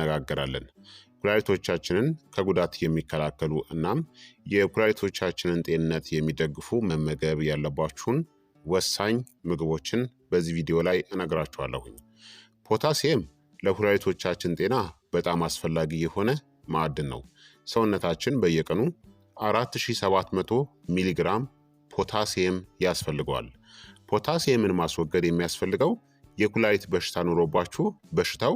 እንነጋገራለን። ኩላሊቶቻችንን ከጉዳት የሚከላከሉ እናም የኩላሊቶቻችንን ጤንነት የሚደግፉ መመገብ ያለባችሁን ወሳኝ ምግቦችን በዚህ ቪዲዮ ላይ እነግራችኋለሁኝ። ፖታሲየም ለኩላሊቶቻችን ጤና በጣም አስፈላጊ የሆነ ማዕድን ነው። ሰውነታችን በየቀኑ 4700 ሚሊግራም ፖታሲየም ያስፈልገዋል። ፖታሲየምን ማስወገድ የሚያስፈልገው የኩላሊት በሽታ ኑሮባችሁ በሽታው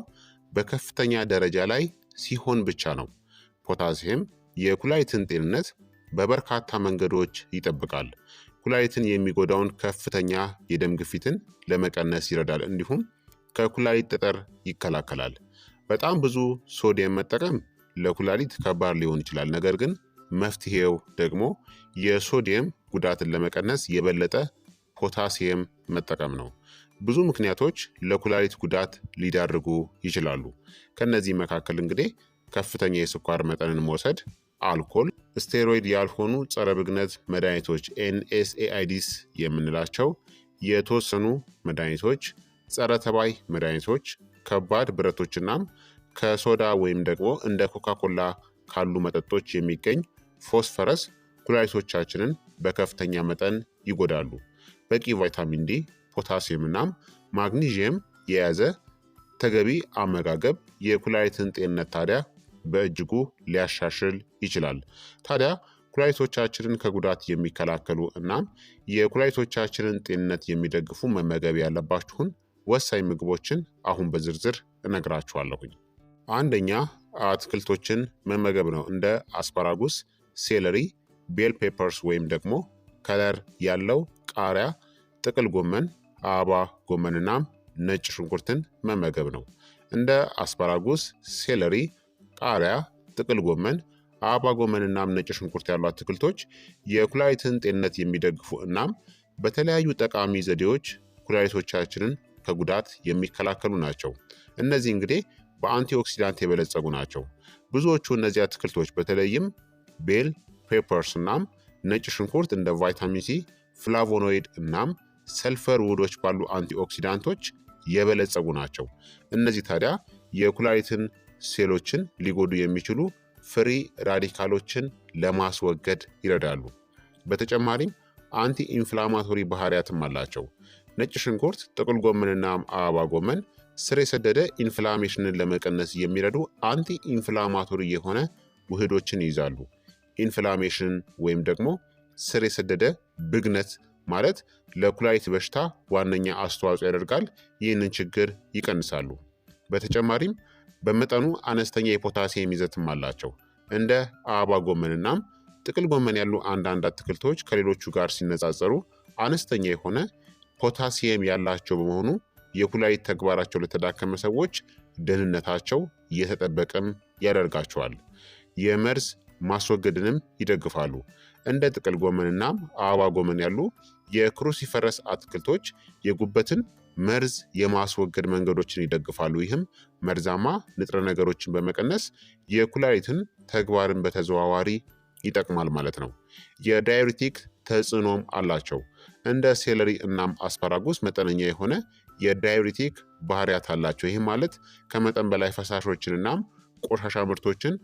በከፍተኛ ደረጃ ላይ ሲሆን ብቻ ነው። ፖታሲየም የኩላሊትን ጤንነት በበርካታ መንገዶች ይጠብቃል። ኩላሊትን የሚጎዳውን ከፍተኛ የደም ግፊትን ለመቀነስ ይረዳል፣ እንዲሁም ከኩላሊት ጠጠር ይከላከላል። በጣም ብዙ ሶዲየም መጠቀም ለኩላሊት ከባድ ሊሆን ይችላል። ነገር ግን መፍትሄው ደግሞ የሶዲየም ጉዳትን ለመቀነስ የበለጠ ፖታሲየም መጠቀም ነው። ብዙ ምክንያቶች ለኩላሊት ጉዳት ሊዳርጉ ይችላሉ። ከነዚህ መካከል እንግዲህ ከፍተኛ የስኳር መጠንን መውሰድ፣ አልኮል፣ ስቴሮይድ ያልሆኑ ጸረ ብግነት መድኃኒቶች ኤንኤስኤአይዲስ የምንላቸው የተወሰኑ መድኃኒቶች፣ ጸረ ተባይ መድኃኒቶች፣ ከባድ ብረቶችናም ከሶዳ ወይም ደግሞ እንደ ኮካኮላ ካሉ መጠጦች የሚገኝ ፎስፈረስ ኩላሊቶቻችንን በከፍተኛ መጠን ይጎዳሉ። በቂ ቫይታሚን ዲ ፖታሲየም እናም ማግኒዥየም የያዘ ተገቢ አመጋገብ የኩላሊትን ጤንነት ታዲያ በእጅጉ ሊያሻሽል ይችላል። ታዲያ ኩላሊቶቻችንን ከጉዳት የሚከላከሉ እናም የኩላሊቶቻችንን ጤንነት የሚደግፉ መመገብ ያለባችሁን ወሳኝ ምግቦችን አሁን በዝርዝር እነግራችኋለሁኝ። አንደኛ አትክልቶችን መመገብ ነው። እንደ አስፓራጉስ፣ ሴለሪ፣ ቤል ፔፐርስ ወይም ደግሞ ከለር ያለው ቃሪያ፣ ጥቅል ጎመን፣ አበባ ጎመንና ነጭ ሽንኩርትን መመገብ ነው። እንደ አስፓራጎስ፣ ሴለሪ፣ ቃሪያ፣ ጥቅል ጎመን፣ አበባ ጎመን ነጭ ሽንኩርት ያሉ አትክልቶች የኩላሊትን ጤንነት የሚደግፉ እናም በተለያዩ ጠቃሚ ዘዴዎች ኩላሊቶቻችንን ከጉዳት የሚከላከሉ ናቸው። እነዚህ እንግዲህ በአንቲኦክሲዳንት የበለጸጉ ናቸው። ብዙዎቹ እነዚህ አትክልቶች በተለይም ቤል ፔፐርስ እናም ነጭ ሽንኩርት እንደ ቫይታሚን ሲ፣ ፍላቮኖይድ እናም ሰልፈር ውህዶች ባሉ አንቲኦክሲዳንቶች የበለጸጉ ናቸው። እነዚህ ታዲያ የኩላሊትን ሴሎችን ሊጎዱ የሚችሉ ፍሪ ራዲካሎችን ለማስወገድ ይረዳሉ። በተጨማሪም አንቲ ኢንፍላማቶሪ ባህሪያትም አላቸው። ነጭ ሽንኩርት፣ ጥቅል ጎመንና አበባ ጎመን ስር የሰደደ ኢንፍላሜሽንን ለመቀነስ የሚረዱ አንቲ ኢንፍላማቶሪ የሆነ ውህዶችን ይይዛሉ። ኢንፍላሜሽን ወይም ደግሞ ስር የሰደደ ብግነት ማለት ለኩላሊት በሽታ ዋነኛ አስተዋጽኦ ያደርጋል። ይህንን ችግር ይቀንሳሉ። በተጨማሪም በመጠኑ አነስተኛ የፖታሲየም ይዘትም አላቸው። እንደ አበባ ጎመንናም ጥቅል ጎመን ያሉ አንዳንድ አትክልቶች ከሌሎቹ ጋር ሲነጻጸሩ አነስተኛ የሆነ ፖታሲየም ያላቸው በመሆኑ የኩላሊት ተግባራቸው ለተዳከመ ሰዎች ደህንነታቸው እየተጠበቀም ያደርጋቸዋል። የመርዝ ማስወገድንም ይደግፋሉ። እንደ ጥቅል ጎመንናም አበባ ጎመን ያሉ የክሩሲፈረስ አትክልቶች የጉበትን መርዝ የማስወገድ መንገዶችን ይደግፋሉ። ይህም መርዛማ ንጥረ ነገሮችን በመቀነስ የኩላሊትን ተግባርን በተዘዋዋሪ ይጠቅማል ማለት ነው። የዳይሪቲክ ተጽዕኖም አላቸው። እንደ ሴለሪ እናም አስፓራጉስ መጠነኛ የሆነ የዳይሪቲክ ባህሪያት አላቸው። ይህም ማለት ከመጠን በላይ ፈሳሾችን እናም ቆሻሻ ምርቶችን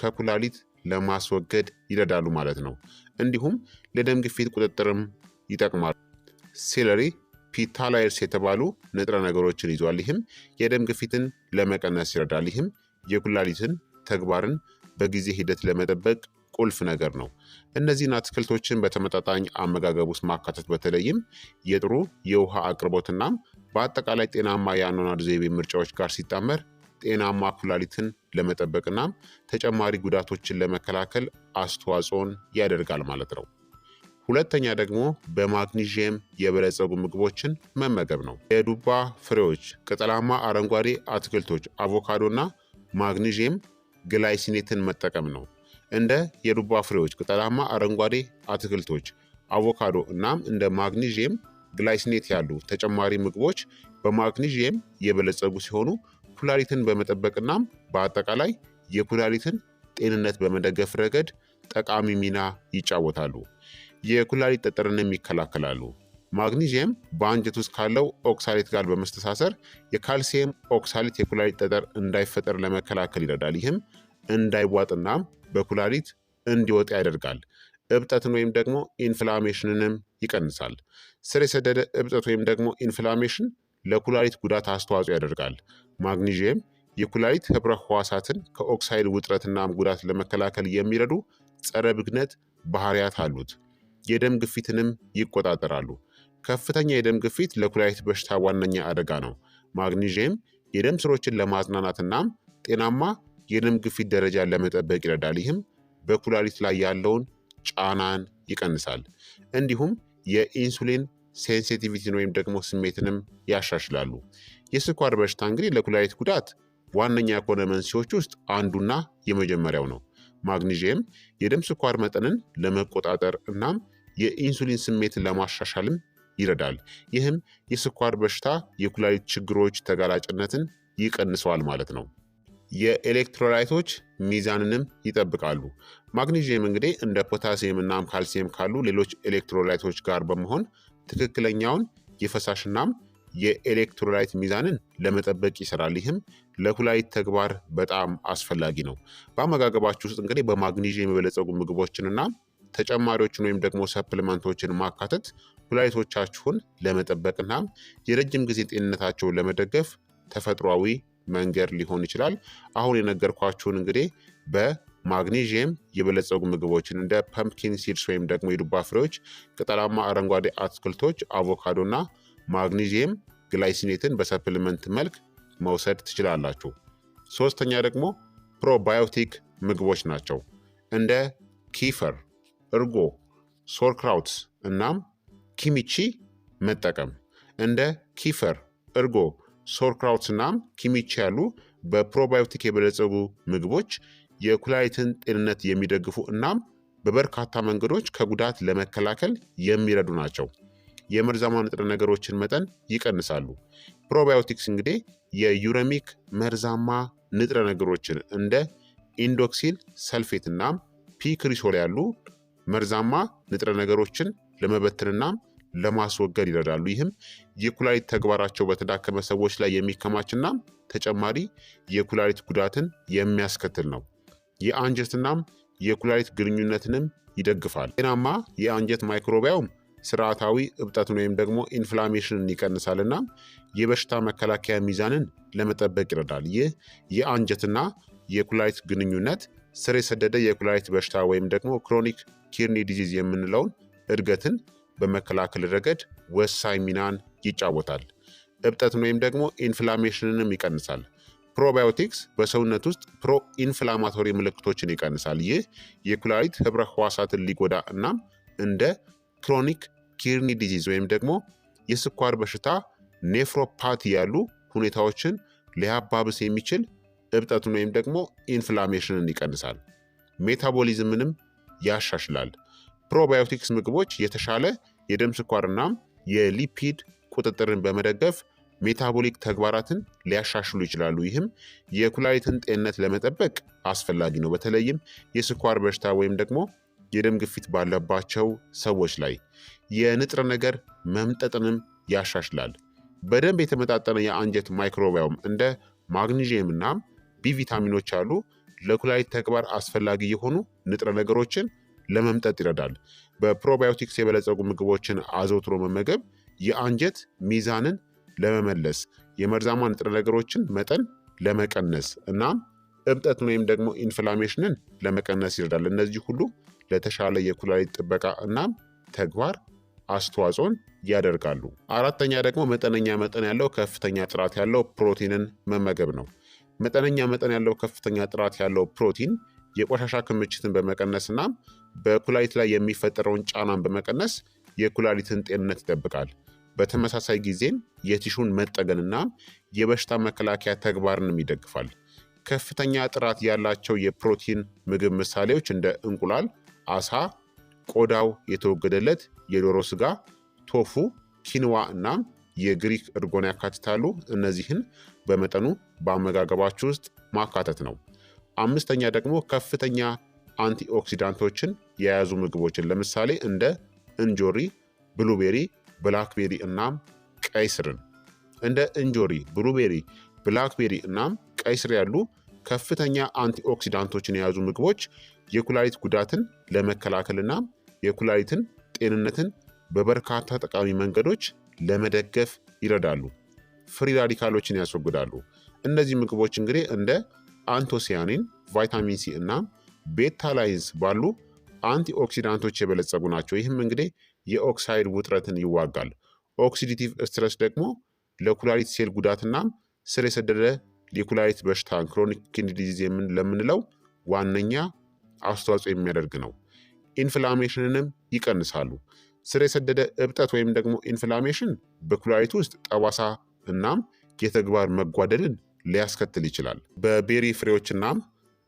ከኩላሊት ለማስወገድ ይረዳሉ ማለት ነው። እንዲሁም ለደም ግፊት ቁጥጥርም ይጠቅማሉ። ሴለሪ ፒታላይርስ የተባሉ ንጥረ ነገሮችን ይዟል። ይህም የደም ግፊትን ለመቀነስ ይረዳል። ይህም የኩላሊትን ተግባርን በጊዜ ሂደት ለመጠበቅ ቁልፍ ነገር ነው። እነዚህን አትክልቶችን በተመጣጣኝ አመጋገብ ውስጥ ማካተት በተለይም የጥሩ የውሃ አቅርቦትናም በአጠቃላይ ጤናማ የአኗኗር ዘይቤ ምርጫዎች ጋር ሲጣመር ጤናማ ኩላሊትን ለመጠበቅናም ተጨማሪ ጉዳቶችን ለመከላከል አስተዋጽኦን ያደርጋል ማለት ነው። ሁለተኛ ደግሞ በማግኒዥየም የበለጸጉ ምግቦችን መመገብ ነው። የዱባ ፍሬዎች፣ ቅጠላማ አረንጓዴ አትክልቶች፣ አቮካዶና ማግኒዥየም ግላይሲኔትን መጠቀም ነው። እንደ የዱባ ፍሬዎች፣ ቅጠላማ አረንጓዴ አትክልቶች፣ አቮካዶ እናም እንደ ማግኒዥየም ግላይሲኔት ያሉ ተጨማሪ ምግቦች በማግኒዥየም የበለጸጉ ሲሆኑ ኩላሊትን በመጠበቅናም በአጠቃላይ የኩላሊትን ጤንነት በመደገፍ ረገድ ጠቃሚ ሚና ይጫወታሉ። የኩላሊት ጠጠርንም ይከላከላሉ። ማግኒዚየም በአንጀት ውስጥ ካለው ኦክሳሌት ጋር በመስተሳሰር የካልሲየም ኦክሳሌት የኩላሊት ጠጠር እንዳይፈጠር ለመከላከል ይረዳል። ይህም እንዳይዋጥናም በኩላሊት እንዲወጣ ያደርጋል። እብጠትን ወይም ደግሞ ኢንፍላሜሽንንም ይቀንሳል። ስር የሰደደ እብጠት ወይም ደግሞ ኢንፍላሜሽን ለኩላሊት ጉዳት አስተዋጽኦ ያደርጋል። ማግኒዥየም የኩላሊት ህብረ ህዋሳትን ከኦክሳይድ ውጥረትና ጉዳት ለመከላከል የሚረዱ ጸረ ብግነት ባህሪያት አሉት። የደም ግፊትንም ይቆጣጠራሉ። ከፍተኛ የደም ግፊት ለኩላሊት በሽታ ዋነኛ አደጋ ነው። ማግኒዥየም የደም ስሮችን ለማጽናናትና ጤናማ የደም ግፊት ደረጃ ለመጠበቅ ይረዳል። ይህም በኩላሊት ላይ ያለውን ጫናን ይቀንሳል። እንዲሁም የኢንሱሊን ሴንሲቲቪቲን ወይም ደግሞ ስሜትንም ያሻሽላሉ። የስኳር በሽታ እንግዲህ ለኩላሊት ጉዳት ዋነኛ ከሆነ መንስኤዎች ውስጥ አንዱና የመጀመሪያው ነው። ማግኒዥየም የደም ስኳር መጠንን ለመቆጣጠር እናም የኢንሱሊን ስሜትን ለማሻሻልም ይረዳል። ይህም የስኳር በሽታ የኩላሊት ችግሮች ተጋላጭነትን ይቀንሰዋል ማለት ነው። የኤሌክትሮላይቶች ሚዛንንም ይጠብቃሉ። ማግኒዥየም እንግዲህ እንደ ፖታሲየም እናም ካልሲየም ካሉ ሌሎች ኤሌክትሮላይቶች ጋር በመሆን ትክክለኛውን የፈሳሽናም የኤሌክትሮላይት ሚዛንን ለመጠበቅ ይሰራል። ይህም ለኩላሊት ተግባር በጣም አስፈላጊ ነው። በአመጋገባችሁ ውስጥ እንግዲህ በማግኒዥየም የበለጸጉ ምግቦችንና ተጨማሪዎችን ወይም ደግሞ ሰፕልመንቶችን ማካተት ኩላሊቶቻችሁን ለመጠበቅና የረጅም ጊዜ ጤንነታቸውን ለመደገፍ ተፈጥሯዊ መንገድ ሊሆን ይችላል። አሁን የነገርኳችሁን እንግዲህ በማግኒዥየም የበለጸጉ ምግቦችን እንደ ፐምፕኪን ሲድስ ወይም ደግሞ የዱባ ፍሬዎች፣ ቅጠላማ አረንጓዴ አትክልቶች፣ አቮካዶና ማግኒዚየም ግላይሲኔትን በሰፕልመንት መልክ መውሰድ ትችላላችሁ። ሶስተኛ ደግሞ ፕሮባዮቲክ ምግቦች ናቸው። እንደ ኪፈር፣ እርጎ፣ ሶርክራውትስ እናም ኪሚቺ መጠቀም። እንደ ኪፈር፣ እርጎ፣ ሶርክራውትስ እናም ኪሚቺ ያሉ በፕሮባዮቲክ የበለጸጉ ምግቦች የኩላሊትን ጤንነት የሚደግፉ እናም በበርካታ መንገዶች ከጉዳት ለመከላከል የሚረዱ ናቸው። የመርዛማ ንጥረ ነገሮችን መጠን ይቀንሳሉ። ፕሮባዮቲክስ እንግዲህ የዩረሚክ መርዛማ ንጥረ ነገሮችን እንደ ኢንዶክሲል ሰልፌት ፒክሪሶል ያሉ መርዛማ ንጥረ ነገሮችን ለመበትንና ለማስወገድ ይረዳሉ። ይህም የኩላሊት ተግባራቸው በተዳከመ ሰዎች ላይ የሚከማችና ተጨማሪ የኩላሊት ጉዳትን የሚያስከትል ነው። የአንጀትናም የኩላሊት ግንኙነትንም ይደግፋል። ጤናማ የአንጀት ማይክሮቢያውም ስርዓታዊ እብጠትን ወይም ደግሞ ኢንፍላሜሽንን ይቀንሳል እና የበሽታ መከላከያ ሚዛንን ለመጠበቅ ይረዳል። ይህ የአንጀትና የኩላሊት ግንኙነት ስር የሰደደ የኩላሊት በሽታ ወይም ደግሞ ክሮኒክ ኪርኒ ዲዚዝ የምንለውን እድገትን በመከላከል ረገድ ወሳኝ ሚናን ይጫወታል። እብጠትን ወይም ደግሞ ኢንፍላሜሽንንም ይቀንሳል። ፕሮባዮቲክስ በሰውነት ውስጥ ፕሮ ኢንፍላማቶሪ ምልክቶችን ይቀንሳል። ይህ የኩላሊት ህብረ ህዋሳትን ሊጎዳ እናም እንደ ክሮኒክ ኪርኒ ዲዚዝ ወይም ደግሞ የስኳር በሽታ ኔፍሮፓቲ ያሉ ሁኔታዎችን ሊያባብስ የሚችል እብጠትን ወይም ደግሞ ኢንፍላሜሽንን ይቀንሳል። ሜታቦሊዝምንም ያሻሽላል። ፕሮባዮቲክስ ምግቦች የተሻለ የደም ስኳርናም የሊፒድ ቁጥጥርን በመደገፍ ሜታቦሊክ ተግባራትን ሊያሻሽሉ ይችላሉ። ይህም የኩላሊትን ጤንነት ለመጠበቅ አስፈላጊ ነው። በተለይም የስኳር በሽታ ወይም ደግሞ የደም ግፊት ባለባቸው ሰዎች ላይ የንጥረ ነገር መምጠጥንም ያሻሽላል። በደንብ የተመጣጠነ የአንጀት ማይክሮባዮም እንደ ማግኒዥየም እናም ቢ ቪታሚኖች አሉ ለኩላሊት ተግባር አስፈላጊ የሆኑ ንጥረ ነገሮችን ለመምጠጥ ይረዳል። በፕሮባዮቲክስ የበለጸጉ ምግቦችን አዘውትሮ መመገብ የአንጀት ሚዛንን ለመመለስ የመርዛማ ንጥረ ነገሮችን መጠን ለመቀነስ እናም እብጠትን ወይም ደግሞ ኢንፍላሜሽንን ለመቀነስ ይረዳል። እነዚህ ሁሉ ለተሻለ የኩላሊት ጥበቃ እናም ተግባር አስተዋጽኦን ያደርጋሉ። አራተኛ ደግሞ መጠነኛ መጠን ያለው ከፍተኛ ጥራት ያለው ፕሮቲንን መመገብ ነው። መጠነኛ መጠን ያለው ከፍተኛ ጥራት ያለው ፕሮቲን የቆሻሻ ክምችትን በመቀነስ እናም በኩላሊት ላይ የሚፈጠረውን ጫናን በመቀነስ የኩላሊትን ጤንነት ይጠብቃል። በተመሳሳይ ጊዜም የቲሹን መጠገንና የበሽታ መከላከያ ተግባርንም ይደግፋል። ከፍተኛ ጥራት ያላቸው የፕሮቲን ምግብ ምሳሌዎች እንደ እንቁላል፣ አሳ፣ ቆዳው የተወገደለት የዶሮ ስጋ፣ ቶፉ፣ ኪንዋ እናም የግሪክ እርጎን ያካትታሉ። እነዚህን በመጠኑ በአመጋገባችሁ ውስጥ ማካተት ነው። አምስተኛ ደግሞ ከፍተኛ አንቲኦክሲዳንቶችን የያዙ ምግቦችን ለምሳሌ እንደ እንጆሪ፣ ብሉቤሪ፣ ብላክቤሪ እናም ቀይ ስርን እንደ እንጆሪ፣ ብሉቤሪ፣ ብላክቤሪ እናም ቀይ ስር ያሉ ከፍተኛ አንቲኦክሲዳንቶችን የያዙ ምግቦች የኩላሊት ጉዳትን ለመከላከልና የኩላሊትን ጤንነትን በበርካታ ጠቃሚ መንገዶች ለመደገፍ ይረዳሉ። ፍሪ ራዲካሎችን ያስወግዳሉ። እነዚህ ምግቦች እንግዲህ እንደ አንቶሲያኒን፣ ቫይታሚን ሲ እና ቤታ ላይንስ ባሉ አንቲኦክሲዳንቶች የበለጸጉ ናቸው። ይህም እንግዲህ የኦክሳይድ ውጥረትን ይዋጋል። ኦክሲዲቲቭ ስትረስ ደግሞ ለኩላሊት ሴል ጉዳትና ስር የሰደደ የኩላሊት በሽታ ክሮኒክ ኪድኒ ዲዚዝ ለምንለው ዋነኛ አስተዋጽኦ የሚያደርግ ነው። ኢንፍላሜሽንንም ይቀንሳሉ። ስር የሰደደ እብጠት ወይም ደግሞ ኢንፍላሜሽን በኩላሊቱ ውስጥ ጠባሳ እናም የተግባር መጓደልን ሊያስከትል ይችላል። በቤሪ ፍሬዎችናም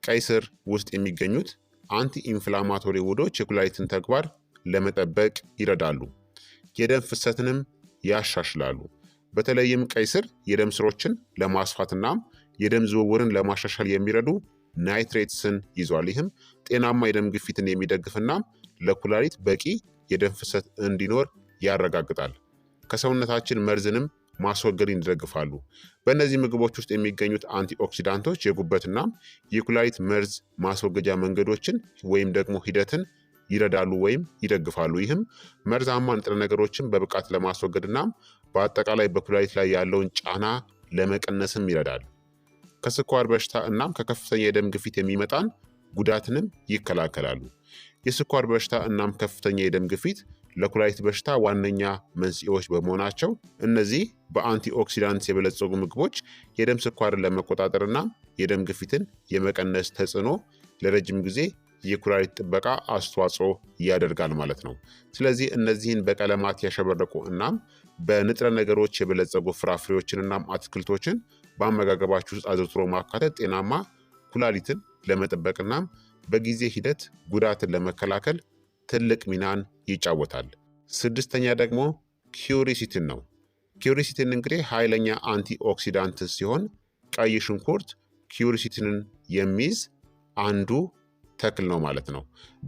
ቀይ ስር ውስጥ የሚገኙት አንቲ ኢንፍላማቶሪ ውዶች የኩላሊትን ተግባር ለመጠበቅ ይረዳሉ። የደም ፍሰትንም ያሻሽላሉ። በተለይም ቀይ ስር የደም ስሮችን ለማስፋትና የደም ዝውውርን ለማሻሻል የሚረዱ ናይትሬትስን ይዟል። ይህም ጤናማ የደም ግፊትን የሚደግፍና ለኩላሊት በቂ የደም ፍሰት እንዲኖር ያረጋግጣል። ከሰውነታችን መርዝንም ማስወገድን ይደግፋሉ። በእነዚህ ምግቦች ውስጥ የሚገኙት አንቲኦክሲዳንቶች የጉበትና የኩላሊት መርዝ ማስወገጃ መንገዶችን ወይም ደግሞ ሂደትን ይረዳሉ ወይም ይደግፋሉ። ይህም መርዛማ ንጥረ ነገሮችን በብቃት ለማስወገድና በአጠቃላይ በኩላሊት ላይ ያለውን ጫና ለመቀነስም ይረዳል። ከስኳር በሽታ እናም ከከፍተኛ የደም ግፊት የሚመጣን ጉዳትንም ይከላከላሉ። የስኳር በሽታ እናም ከፍተኛ የደም ግፊት ለኩላሊት በሽታ ዋነኛ መንስኤዎች በመሆናቸው እነዚህ በአንቲኦክሲዳንት የበለጸጉ ምግቦች የደም ስኳርን ለመቆጣጠርና የደም ግፊትን የመቀነስ ተጽዕኖ ለረጅም ጊዜ የኩላሊት ጥበቃ አስተዋጽኦ ያደርጋል ማለት ነው። ስለዚህ እነዚህን በቀለማት ያሸበረቁ እናም በንጥረ ነገሮች የበለጸጉ ፍራፍሬዎችን እናም አትክልቶችን በአመጋገባችሁ ውስጥ አዘውትሮ ማካተት ጤናማ ኩላሊትን ለመጠበቅናም በጊዜ ሂደት ጉዳትን ለመከላከል ትልቅ ሚናን ይጫወታል። ስድስተኛ ደግሞ ኪውሪሲትን ነው። ኪውሪሲትን እንግዲህ ኃይለኛ አንቲ ኦክሲዳንት ሲሆን ቀይ ሽንኩርት ኪዩሪሲቲንን የሚይዝ አንዱ ተክል ነው ማለት ነው።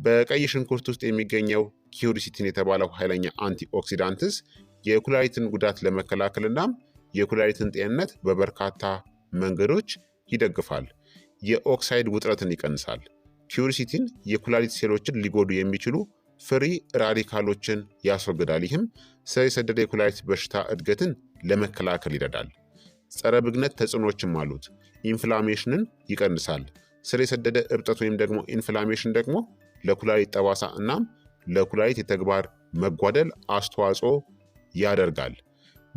በቀይ ሽንኩርት ውስጥ የሚገኘው ኪዩሪሲቲን የተባለው ኃይለኛ አንቲ ኦክሲዳንትስ የኩላሊትን ጉዳት ለመከላከል እናም የኩላሊትን ጤንነት በበርካታ መንገዶች ይደግፋል። የኦክሳይድ ውጥረትን ይቀንሳል። ኪዩሪሲቲን የኩላሊት ሴሎችን ሊጎዱ የሚችሉ ፍሪ ራዲካሎችን ያስወግዳል። ይህም ስር የሰደደ የኩላሊት በሽታ እድገትን ለመከላከል ይረዳል። ጸረ ብግነት ተጽዕኖችም አሉት። ኢንፍላሜሽንን ይቀንሳል። ስር የሰደደ እብጠት ወይም ደግሞ ኢንፍላሜሽን ደግሞ ለኩላሊት ጠባሳ እናም ለኩላሊት የተግባር መጓደል አስተዋጽኦ ያደርጋል።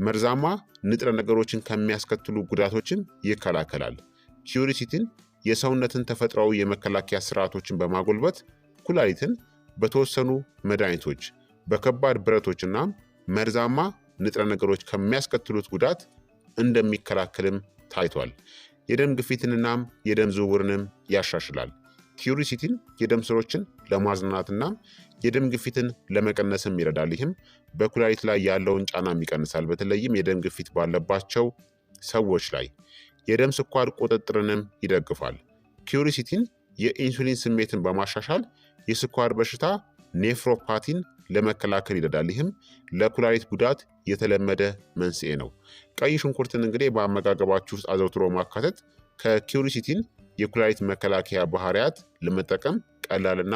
መርዛማ ንጥረ ነገሮችን ከሚያስከትሉ ጉዳቶችን ይከላከላል። ኪዩሪሲቲን የሰውነትን ተፈጥሯዊ የመከላከያ ስርዓቶችን በማጎልበት ኩላሊትን በተወሰኑ መድኃኒቶች፣ በከባድ ብረቶች መርዛማ ንጥረ ነገሮች ከሚያስከትሉት ጉዳት እንደሚከላከልም ታይቷል። የደም ግፊትንናም የደም ዝውውርንም ያሻሽላል። ኪሪሲቲን የደም ስሮችን ለማዝናናትና የደም ግፊትን ለመቀነስም ይረዳል። ይህም በኩላሊት ላይ ያለውን ጫናም ይቀንሳል። በተለይም የደም ግፊት ባለባቸው ሰዎች ላይ የደም ስኳር ቁጥጥርንም ይደግፋል። ኪሪሲቲን የኢንሱሊን ስሜትን በማሻሻል የስኳር በሽታ ኔፍሮፓቲን ለመከላከል ይረዳል። ይህም ለኩላሊት ጉዳት የተለመደ መንስኤ ነው። ቀይ ሽንኩርትን እንግዲህ በአመጋገባችሁ ውስጥ አዘውትሮ ማካተት ከኪሪሲቲን የኩላሊት መከላከያ ባህሪያት ለመጠቀም ቀላልና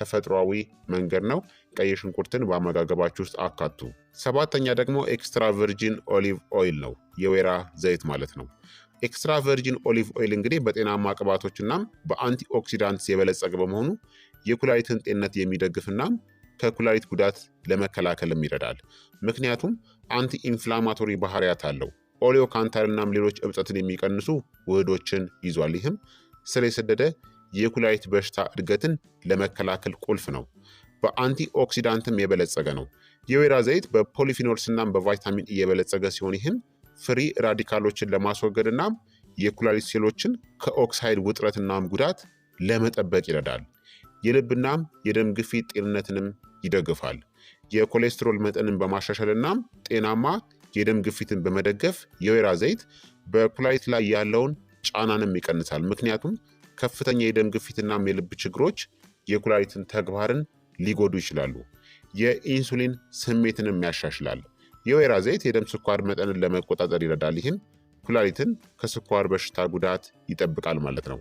ተፈጥሯዊ መንገድ ነው። ቀይ ሽንኩርትን በአመጋገባችሁ ውስጥ አካቱ። ሰባተኛ ደግሞ ኤክስትራ ቨርጂን ኦሊቭ ኦይል ነው፣ የወይራ ዘይት ማለት ነው። ኤክስትራ ቨርጂን ኦሊቭ ኦይል እንግዲህ በጤናማ ቅባቶችና በአንቲኦክሲዳንትስ ኦክሲዳንትስ የበለጸገ በመሆኑ የኩላሊትን ጤንነት የሚደግፍና ከኩላሊት ጉዳት ለመከላከልም ይረዳል። ምክንያቱም አንቲ ኢንፍላማቶሪ ባህሪያት አለው። ኦሊዮ እናም ሌሎች እብጠትን የሚቀንሱ ውህዶችን ይዟል። ይህም ስር የሰደደ የኩላሊት በሽታ እድገትን ለመከላከል ቁልፍ ነው። በአንቲ ኦክሲዳንትም የበለጸገ ነው። የወይራ ዘይት በፖሊፊኖልስናም በቫይታሚን እየበለጸገ ሲሆን ይህም ፍሪ ራዲካሎችን ለማስወገድ ና የኩላሊት ሴሎችን ከኦክሳይድ ውጥረትናም ጉዳት ለመጠበቅ ይረዳል። የልብናም የደም ግፊት ጤንነትንም ይደግፋል። የኮሌስትሮል መጠንን በማሻሻል እናም ጤናማ የደም ግፊትን በመደገፍ የወይራ ዘይት በኩላሊት ላይ ያለውን ጫናንም ይቀንሳል። ምክንያቱም ከፍተኛ የደም ግፊትናም የልብ ችግሮች የኩላሊትን ተግባርን ሊጎዱ ይችላሉ። የኢንሱሊን ስሜትንም ያሻሽላል። የወይራ ዘይት የደም ስኳር መጠንን ለመቆጣጠር ይረዳል። ይህም ኩላሊትን ከስኳር በሽታ ጉዳት ይጠብቃል ማለት ነው።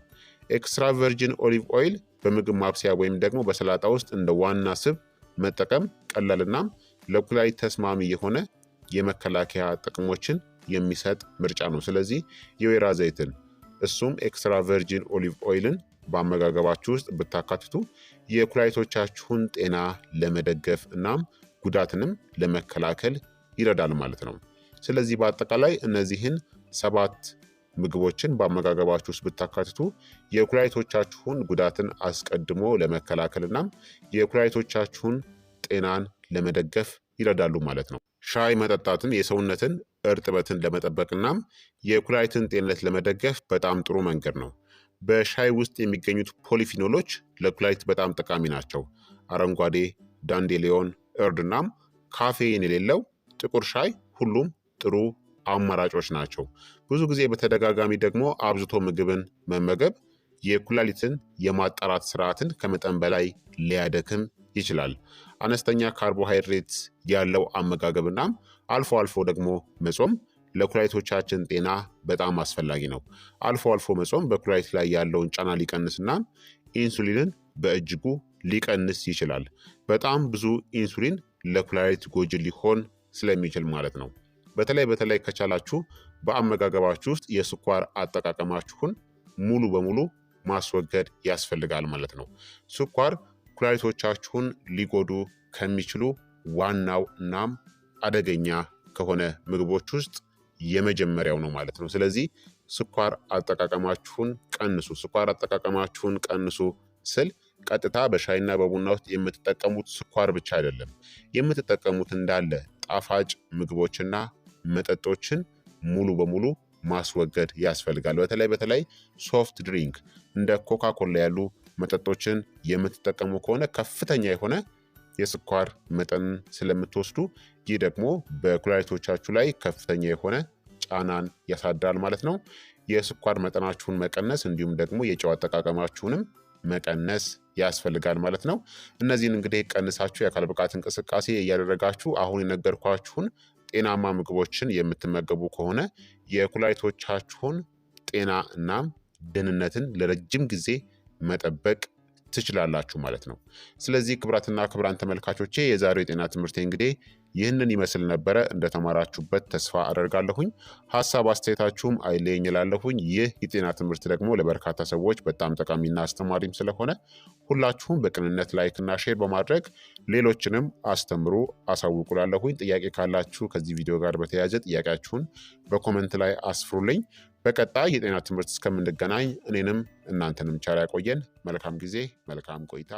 ኤክስትራ ቨርጂን ኦሊቭ ኦይል በምግብ ማብሰያ ወይም ደግሞ በሰላጣ ውስጥ እንደ ዋና ስብ መጠቀም ቀላልና ለኩላሊት ተስማሚ የሆነ የመከላከያ ጥቅሞችን የሚሰጥ ምርጫ ነው። ስለዚህ የወይራ ዘይትን እሱም ኤክስትራ ቨርጂን ኦሊቭ ኦይልን በአመጋገባችሁ ውስጥ ብታካትቱ የኩላሊቶቻችሁን ጤና ለመደገፍ እናም ጉዳትንም ለመከላከል ይረዳል ማለት ነው። ስለዚህ በአጠቃላይ እነዚህን ሰባት ምግቦችን በአመጋገባችሁ ውስጥ ብታካትቱ የኩላሊቶቻችሁን ጉዳትን አስቀድሞ ለመከላከልና የኩላሊቶቻችሁን ጤናን ለመደገፍ ይረዳሉ ማለት ነው። ሻይ መጠጣትም የሰውነትን እርጥበትን ለመጠበቅናም የኩላሊትን ጤንነት ለመደገፍ በጣም ጥሩ መንገድ ነው። በሻይ ውስጥ የሚገኙት ፖሊፊኖሎች ለኩላሊት በጣም ጠቃሚ ናቸው። አረንጓዴ፣ ዳንዴሊዮን፣ እርድና ካፌን የሌለው ጥቁር ሻይ ሁሉም ጥሩ አማራጮች ናቸው። ብዙ ጊዜ በተደጋጋሚ ደግሞ አብዝቶ ምግብን መመገብ የኩላሊትን የማጣራት ስርዓትን ከመጠን በላይ ሊያደክም ይችላል። አነስተኛ ካርቦሃይድሬት ያለው አመጋገብ እናም አልፎ አልፎ ደግሞ መጾም ለኩላሊቶቻችን ጤና በጣም አስፈላጊ ነው። አልፎ አልፎ መጾም በኩላሊት ላይ ያለውን ጫና ሊቀንስና ኢንሱሊንን በእጅጉ ሊቀንስ ይችላል። በጣም ብዙ ኢንሱሊን ለኩላሊት ጎጂ ሊሆን ስለሚችል ማለት ነው። በተለይ በተለይ ከቻላችሁ በአመጋገባችሁ ውስጥ የስኳር አጠቃቀማችሁን ሙሉ በሙሉ ማስወገድ ያስፈልጋል ማለት ነው። ስኳር ኩላሊቶቻችሁን ሊጎዱ ከሚችሉ ዋናው እናም አደገኛ ከሆነ ምግቦች ውስጥ የመጀመሪያው ነው ማለት ነው። ስለዚህ ስኳር አጠቃቀማችሁን ቀንሱ። ስኳር አጠቃቀማችሁን ቀንሱ ስል ቀጥታ በሻይና በቡና ውስጥ የምትጠቀሙት ስኳር ብቻ አይደለም። የምትጠቀሙት እንዳለ ጣፋጭ ምግቦችና መጠጦችን ሙሉ በሙሉ ማስወገድ ያስፈልጋል። በተለይ በተለይ ሶፍት ድሪንክ እንደ ኮካኮላ ያሉ መጠጦችን የምትጠቀሙ ከሆነ ከፍተኛ የሆነ የስኳር መጠን ስለምትወስዱ ይህ ደግሞ በኩላሊቶቻችሁ ላይ ከፍተኛ የሆነ ጫናን ያሳድራል ማለት ነው። የስኳር መጠናችሁን መቀነስ እንዲሁም ደግሞ የጨው አጠቃቀማችሁንም መቀነስ ያስፈልጋል ማለት ነው። እነዚህን እንግዲህ ቀንሳችሁ የአካል ብቃት እንቅስቃሴ እያደረጋችሁ አሁን የነገርኳችሁን ጤናማ ምግቦችን የምትመገቡ ከሆነ የኩላሊቶቻችሁን ጤና እናም ደህንነትን ለረጅም ጊዜ መጠበቅ ትችላላችሁ ማለት ነው። ስለዚህ ክብራትና ክብራን ተመልካቾቼ የዛሬው የጤና ትምህርቴ እንግዲህ ይህንን ይመስል ነበረ። እንደተማራችሁበት ተስፋ አደርጋለሁኝ። ሀሳብ አስተያየታችሁም አይለየኝ እላለሁኝ። ይህ የጤና ትምህርት ደግሞ ለበርካታ ሰዎች በጣም ጠቃሚና አስተማሪም ስለሆነ ሁላችሁም በቅንነት ላይክና ሼር በማድረግ ሌሎችንም አስተምሩ፣ አሳውቁላለሁኝ። ጥያቄ ካላችሁ ከዚህ ቪዲዮ ጋር በተያያዘ ጥያቄያችሁን በኮመንት ላይ አስፍሩልኝ። በቀጣይ የጤና ትምህርት እስከምንገናኝ እኔንም እናንተንም ቻላ ያቆየን። መልካም ጊዜ፣ መልካም ቆይታ።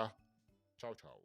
ቻው ቻው።